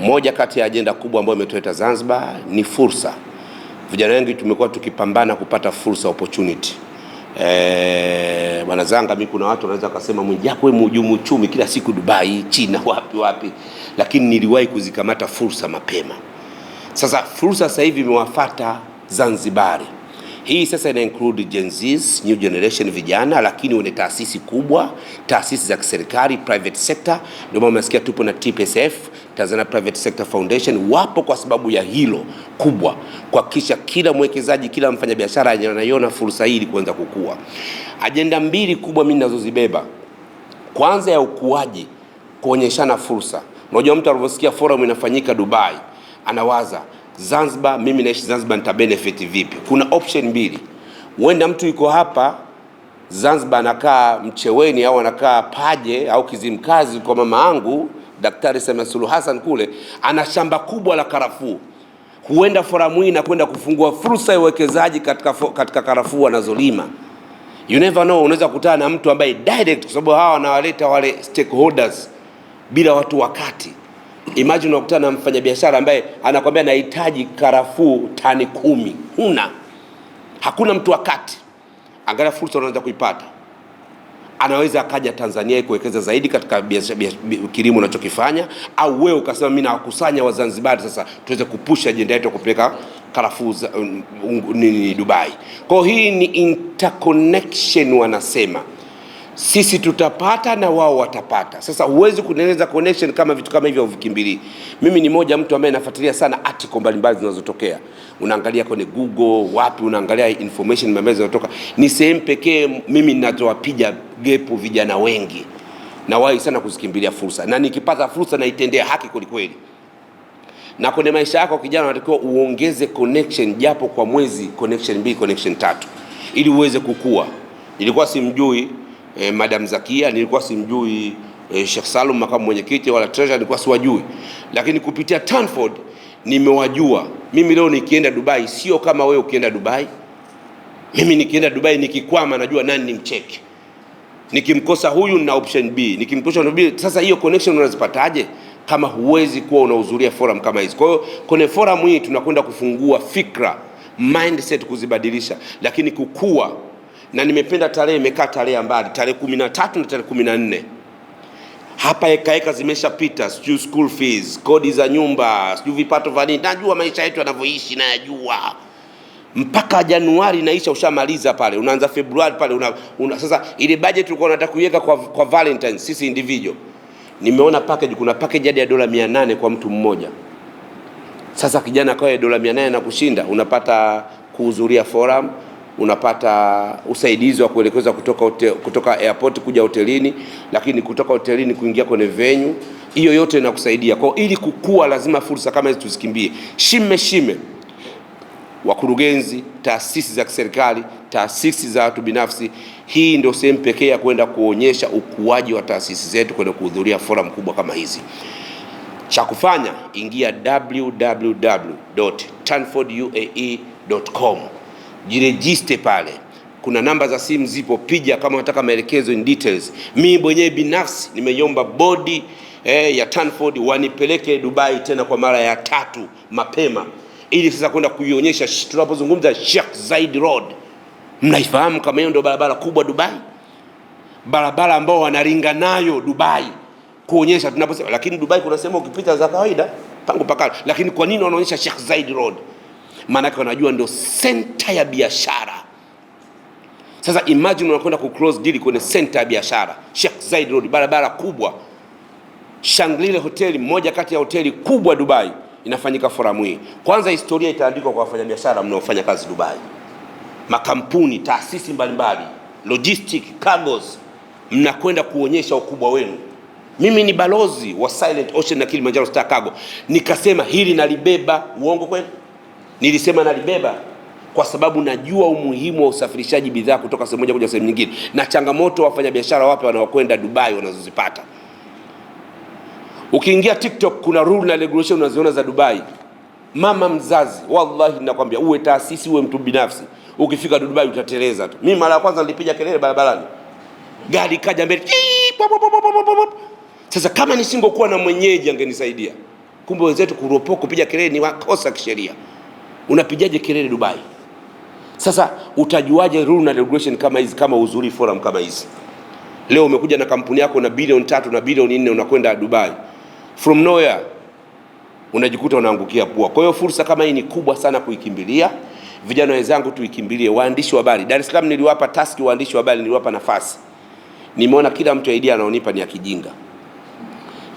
Moja kati ya ajenda kubwa ambayo imetuleta Zanzibar ni fursa. Vijana wengi tumekuwa tukipambana kupata fursa, opportunity. E, bwana Zanga, mimi kuna watu wanaweza kusema Mwijaku wewe mhujumu uchumi kila siku Dubai, China, wapi wapi, lakini niliwahi kuzikamata fursa mapema. Sasa fursa sasa hivi imewafata Zanzibari. Hii sasa ina include Gen Zs, new generation vijana, lakini wene taasisi kubwa, taasisi za kiserikali, private sector. Ndio maana unasikia tupo na TPSF, Tanzania Private Sector Foundation, wapo kwa sababu ya hilo kubwa, kuhakikisha kila mwekezaji, kila mfanyabiashara anaiona fursa hii ili kuanza kukua. Ajenda mbili kubwa mimi ninazozibeba, kwanza ya ukuaji, kuonyeshana fursa. Unajua mtu alivyosikia forum inafanyika Dubai, anawaza Zanzibar, mimi naishi Zanzibar, nita benefit vipi? Kuna option mbili, huenda mtu yuko hapa Zanzibar anakaa Mcheweni au anakaa Paje au Kizimkazi kwa mama angu Daktari Samia Suluhu Hassan kule, ana shamba kubwa la karafuu. Huenda foramu hii inakwenda kufungua fursa ya uwekezaji katika, katika karafuu anazolima. You never know, unaweza kukutana na mtu ambaye direct, kwa sababu hawa wanawaleta wale stakeholders bila watu wakati Imagine unakutana na mfanyabiashara ambaye anakwambia nahitaji karafuu tani kumi, huna hakuna mtu wa kati. Angalia fursa unaweza kuipata. Anaweza akaja Tanzania kuwekeza zaidi katika kilimo unachokifanya, au wewe ukasema mimi nawakusanya Wazanzibari sasa tuweze kupusha ajenda yetu ya kupeleka karafuu um, ni Dubai. Kwa hiyo hii ni interconnection wanasema sisi tutapata na wao watapata. Sasa huwezi kutengeneza connection kama vitu kama hivyo vikimbili. Mimi ni moja mtu ambaye nafuatilia sana article mbalimbali zinazotokea, unaangalia kwenye Google wapi, unaangalia information mbalimbali zinazotoka. Ni sehemu pekee mimi ninazowapiga gepu vijana wengi, nawahi sana kuzikimbilia fursa, na nikipata fursa naitendea haki kwelikweli. Na kwenye maisha yako kijana, unatakiwa uongeze connection japo kwa mwezi, connection mbili, connection tatu, ili uweze kukua. Ilikuwa simjui eh, Madam Zakia nilikuwa simjui eh, Sheikh Salum makamu mwenyekiti wala treasurer nilikuwa siwajui, lakini kupitia Tanford nimewajua. Mimi leo nikienda Dubai sio kama wewe ukienda Dubai. Mimi nikienda Dubai nikikwama, najua nani nimcheke, nikimkosa huyu na option B, nikimkosa na B. Sasa hiyo connection unazipataje kama huwezi kuwa unahudhuria forum kama hizi? Kwa hiyo kwenye forum hii tunakwenda kufungua fikra mindset, kuzibadilisha, lakini kukua na nimependa tarehe imekaa tarehe mbali, tarehe 13 na tarehe 14 hapa hekaheka zimeshapita, sijui school fees, kodi za nyumba, sijui vipato vya nini. Najua maisha yetu yanavyoishi, nayajua mpaka Januari naisha, ushamaliza pale, unaanza Februari pale una, una, sasa ile budget ulikuwa unataka kuiweka kwa, kwa Valentine, sisi individual, nimeona package, kuna package hadi ya dola 800 kwa mtu mmoja. Sasa kijana kwa dola 800 na kushinda, unapata kuhudhuria forum unapata usaidizi wa kuelekezwa kutoka, kutoka airport kuja hotelini, lakini kutoka hotelini kuingia kwenye venue. Hiyo yote inakusaidia kwa Ili kukua, lazima fursa kama hizi tuzikimbie shime shime. Wakurugenzi, taasisi za kiserikali, taasisi za watu binafsi, hii ndio sehemu pekee ya kwenda kuonyesha ukuaji wa taasisi zetu kwenda kuhudhuria forum kubwa kama hizi. Cha kufanya ingia www.tanforduae.com jirejiste pale. Kuna namba za simu zipo, piga kama unataka maelekezo in details. Mimi mwenyewe binafsi nimeiomba bodi eh, ya Tanford wanipeleke Dubai tena kwa mara ya tatu mapema, ili sasa kwenda kuionyesha. Tunapozungumza Sheikh Zayed Road, mnaifahamu kama hiyo ndio barabara kubwa Dubai, barabara ambao wanaringa nayo Dubai kuonyesha tunaposema. Lakini Dubai kuna sehemu ukipita za kawaida tangu pakali, lakini kwa nini wanaonyesha Sheikh Zayed Road? maanake wanajua ndio senta ya biashara. Sasa imagine unakwenda ku close deal kwenye center ya biashara Sheikh Zayed Road, barabara kubwa. Shangri-La hoteli, moja kati ya hoteli kubwa Dubai, inafanyika forum hii. Kwanza historia itaandikwa kwa wafanyabiashara mnaofanya kazi Dubai, makampuni, taasisi mbalimbali, logistic cargos, mnakwenda kuonyesha ukubwa wenu. Mimi ni balozi wa Silent Ocean na Kilimanjaro Star Cargo, nikasema hili nalibeba. Uongo kweli? Nilisema nalibeba kwa sababu najua umuhimu wa usafirishaji bidhaa kutoka sehemu moja kuja sehemu nyingine, na changamoto wafanyabiashara wapya wanaokwenda Dubai wanazozipata. Ukiingia TikTok kuna rule na regulation unaziona za Dubai. Mama mzazi, wallahi nakwambia, uwe taasisi uwe mtu binafsi, ukifika Dubai utateleza tu. Mimi mara ya kwanza nilipiga kelele barabarani, gari kaja mbele. Sasa kama nisingokuwa na mwenyeji angenisaidia, kumbe wenzetu kuropoka kupiga kelele ni wakosa kisheria unapijaje kelele Dubai? Sasa utajuaje rule na regulation kama hizi, kama uzuri forum kama hizi? Leo umekuja na kampuni yako na bilioni tatu na bilioni nne unakwenda Dubai from nowhere unajikuta unaangukia pua. Kwa hiyo fursa kama hii ni kubwa sana kuikimbilia. Vijana wenzangu, tuikimbilie. Waandishi wa habari, Dar es Salaam niliwapa task waandishi wa habari, niliwapa nafasi, nimeona kila mtu idea anaonipa ni ya kijinga,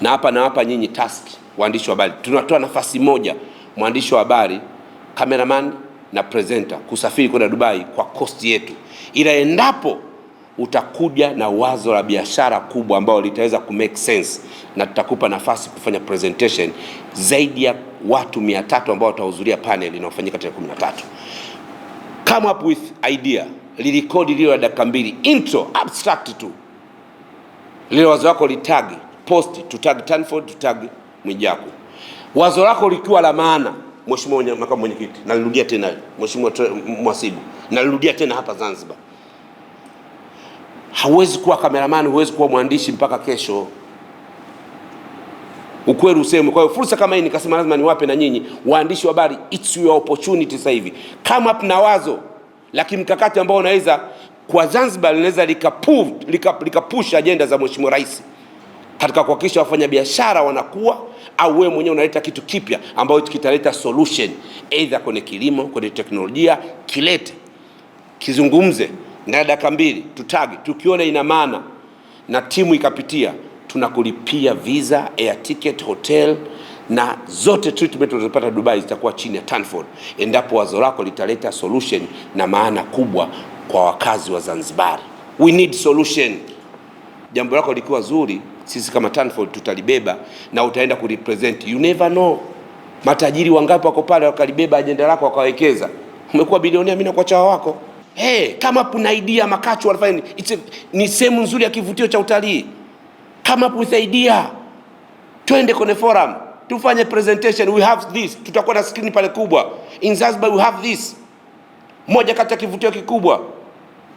na hapa nawapa nyinyi task, waandishi wa habari, tunatoa nafasi moja mwandishi wa habari cameraman na presenter kusafiri kwenda Dubai kwa kosti yetu, ila endapo utakuja na wazo la biashara kubwa ambao litaweza ku make sense na tutakupa nafasi kufanya presentation zaidi ya watu 300 ambao watahudhuria panel inayofanyika tarehe 13. Come up with idea, lirekodi lilo la dakika mbili, intro abstract tu, lile wazo lako litagi, post tutag Tanford, tutag Mwijaku, wazo lako likiwa la maana Mheshimiwa makamu mwenyekiti, nalirudia tena, Mheshimiwa Mwasibu, nalirudia tena hapa Zanzibar, hauwezi kuwa kameramani, huwezi kuwa mwandishi mpaka kesho. Ukweli useme. Kwa hiyo fursa kama hii nikasema lazima niwape na nyinyi waandishi wa habari, it's your opportunity. Sasa hivi kama na wazo la kimkakati ambao unaweza kwa Zanzibar linaweza likapusha lika, lika ajenda za Mheshimiwa Rais katika kuhakikisha wafanya biashara wanakuwa, au wewe mwenyewe unaleta kitu kipya ambayo kitaleta solution either kwenye kilimo, kwenye teknolojia, kilete kizungumze ndani ya dakika mbili, tutage tukiona ina maana na timu ikapitia, tunakulipia visa, air ticket, hotel na zote treatment unazopata Dubai zitakuwa chini ya Tanford, endapo wazo lako litaleta solution na maana kubwa kwa wakazi wa Zanzibar. We need solution. Jambo lako likiwa zuri sisi kama Tanford tutalibeba na utaenda kurepresent. You never know, matajiri wangapi wako pale wakalibeba ajenda lako wakawekeza, umekuwa bilionea, mimi nakuwa chawa wako. Hey, kama kuna idea makachu wanafanya it's a, ni sehemu nzuri ya kivutio cha utalii. Kama pusaidia twende kwenye forum tufanye presentation, we have this. Tutakuwa na screen pale kubwa in Zanzibar, we have this, moja kati ya kivutio kikubwa.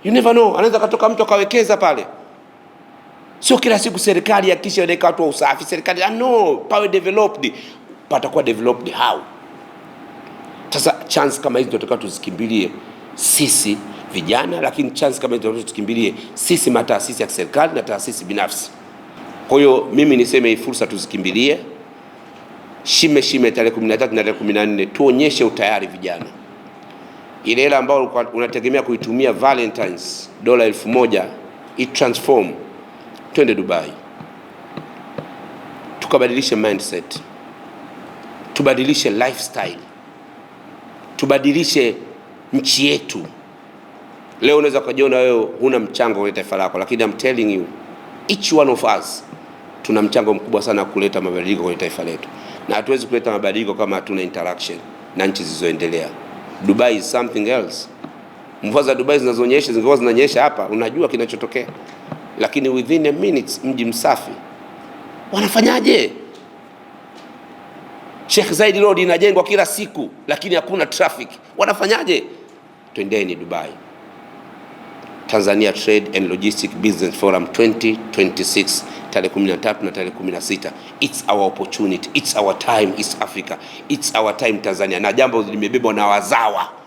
You never know, anaweza katoka mtu akawekeza pale. Sio kila siku serikali hakisha inaweka watu wa usafi, serikali ah, no pawe developed. Patakuwa developed how? Sasa chance kama hizi tunataka tuzikimbilie sisi vijana, lakini chance kama hizi tunataka tuzikimbilie sisi mataasisi ya serikali na taasisi binafsi. Kwa hiyo mimi niseme hii fursa tuzikimbilie shime shime, tarehe 13 na tarehe 14 tuonyeshe utayari vijana. Ile hela ambayo unategemea kuitumia Valentines dola elfu moja i transform twende Dubai tukabadilishe mindset, tubadilishe lifestyle, tubadilishe nchi yetu. Leo unaweza ukajiona wewe huna mchango kwenye taifa lako, lakini I'm telling you each one of us tuna mchango mkubwa sana kuleta mabadiliko kwenye taifa letu, na hatuwezi kuleta mabadiliko kama hatuna interaction na nchi zilizoendelea. Dubai is something else. Mvua za Dubai zinazoonyesha zingekuwa zinanyesha hapa, unajua kinachotokea lakini within a minutes mji msafi. Wanafanyaje? Sheikh Zayed Road inajengwa kila siku, lakini hakuna traffic. Wanafanyaje? Twendeni Dubai. Tanzania Trade and Logistic Business Forum 2026 tarehe 13 na tarehe 16. It's our opportunity, it's our time, it's Africa, it's our time Tanzania, na jambo limebebwa na wazawa